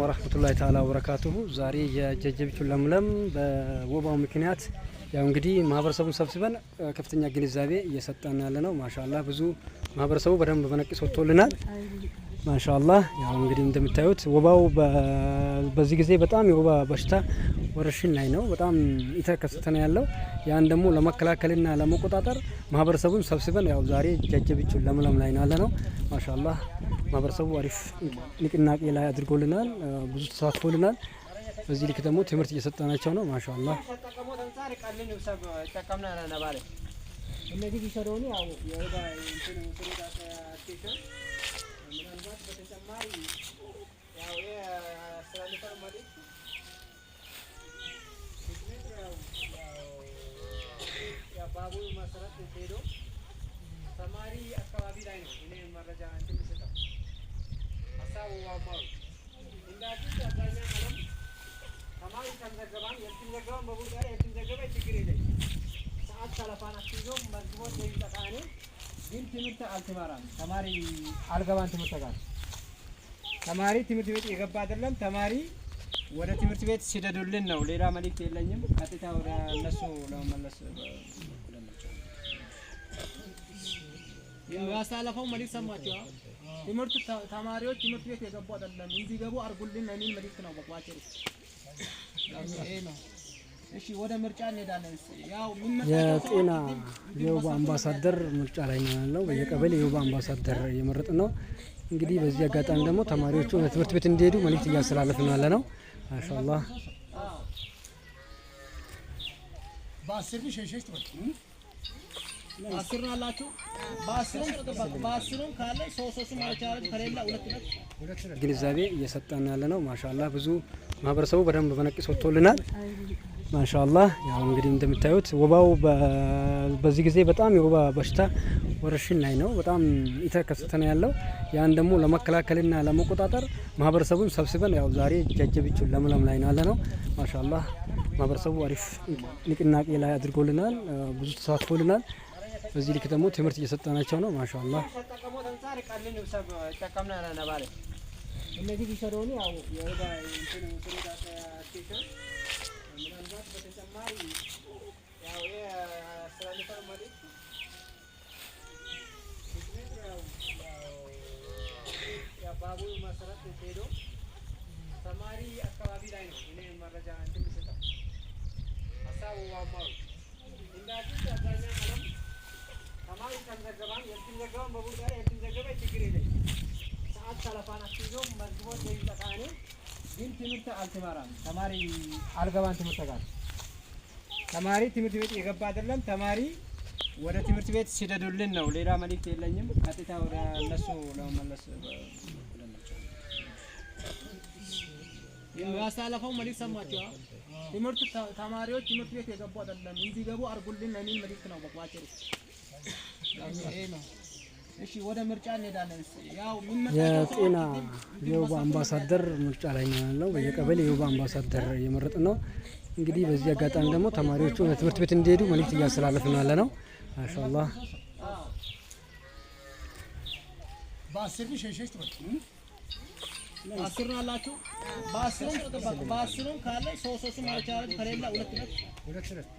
ወረህመቱላሂ ተዓላ ወበረካቱሁ። ዛሬ የጀጀቢቱ ለምለም በወባው ምክንያት ያው እንግዲህ ማህበረሰቡን ሰብስበን ከፍተኛ ግንዛቤ እየሰጠን ያለ ነው። ማሻላ ብዙ ማህበረሰቡ በደንብ በነቂስ ወጥቶልናል። ማሻአላ ያው እንግዲህ እንደምታዩት ወባው በዚህ ጊዜ በጣም የወባ በሽታ ወረርሽኝ ላይ ነው፣ በጣም እየተከሰተ ነው ያለው። ያን ደግሞ ለመከላከልና ለመቆጣጠር ማህበረሰቡን ሰብስበን ያው ዛሬ ጀጀብቹ ለምለም ላይ ያለ ነው። ማሻአላ ማህበረሰቡ አሪፍ ንቅናቄ ላይ አድርጎልናል፣ ብዙ ተሳትፎልናል። በዚህ ልክ ደግሞ ትምህርት እየሰጠናቸው ነው። ማሻአላ እነዚህ ምናልባት በተጨማሪ ያው የአስተላልፈር መልዕክት ቢክነት መሰረት ሄዶ ተማሪ አካባቢ ላይ ነው። እኔ መረጃ እንትን ሀሳቡ ዋማው እንዳዲስ አብዛኛው ዓለም ተማሪ ካልዘገባን የምትዘገባን በቡዳ የምትዘገባ ችግር የለኝም ሰዓት ሰለፋን አስይዞ መዝግቦት ለይጠቃኔ ግን ትምህርት አልተማራም። ተማሪ አልገባን ትምህርት ጋር ተማሪ ትምህርት ቤት የገባ አይደለም። ተማሪ ወደ ትምህርት ቤት ሲደዱልን ነው። ሌላ መልእክት የለኝም። ቀጥታ ወደ እነሱ ለመመለስ ያስተላለፈው መልእክት ሰማችሁ። ትምህርት ተማሪዎች ትምህርት ቤት የገቡ አይደለም። እንዲገቡ አርጉልን የሚል መልእክት ነው። በቋጭር ይሄ ነው። የጤና የወባ አምባሳደር ምርጫ ላይ ነው ያለው። በየቀበሌ የወባ አምባሳደር እየመረጥ ነው። እንግዲህ በዚህ አጋጣሚ ደግሞ ተማሪዎቹ ትምህርት ቤት እንዲሄዱ መልእክት እያስተላለፍን ያለ ነው። ማሻአላህ አስር አላችሁ። ግንዛቤ እየሰጠን ያለ ነው። ማሻአላህ ብዙ ማህበረሰቡ በደንብ በነቂስ ወጥቶልናል። ማሻአላህ ያው እንግዲህ እንደምታዩት ወባው በዚህ ጊዜ በጣም የወባ በሽታ ወረርሽኝ ላይ ነው፣ በጣም እየተከሰተ ነው ያለው። ያን ደግሞ ለመከላከልና ለመቆጣጠር ማህበረሰቡን ሰብስበን ያው ዛሬ ጃጀቢቹን ለምለም ላይ ነው ያለ ነው። ማሻአላህ ማህበረሰቡ አሪፍ ንቅናቄ ላይ አድርጎልናል፣ ብዙ ተሳትፎልናል። በዚህ ልክ ደግሞ ትምህርት እየሰጠናቸው ነው። ማሻአላህ እነዚህ ሄዶ ተማሪ አካባቢ ላይ ነው። እኔ መረጃ እንትን የሚሰጠው ሀሳቡ ዋማሩ ተማሪ ችግር ሰዓት አስይዞ ግን ትምህርት ተማሪ አልገባን ትምህርት ጋር ተማሪ ትምህርት ቤት የገባ አይደለም። ተማሪ ወደ ትምህርት ቤት ሲደዱልን ነው። ሌላ መልእክት የለኝም። ቀጥታ ወደ እነሱ ለመመለስ ያሳለፈው መልእክት ሰማችሁ። ትምህርት ተማሪዎች ትምህርት ቤት የገቡ አይደለም እንዲገቡ አርጉልን የሚል መልእክት ነው። በቋጭሩ ነው። እሺ ወደ ምርጫ እንሄዳለን። ያው የጤና አምባሳደር ምርጫ ላይ ነው ያለው። በየቀበሌ አምባሳደር እየመረጥን ነው። እንግዲህ በዚህ አጋጣሚ ደግሞ ተማሪዎቹ ወደ ትምህርት ቤት እንዲሄዱ መልእክት እያስተላለፍን ያለ ነው። ማሻአላህ በአስር አስር አላችሁ። በአስሩም ካለ ሶስት ሶስት ማለት ከሌላ ሁለት ሁለት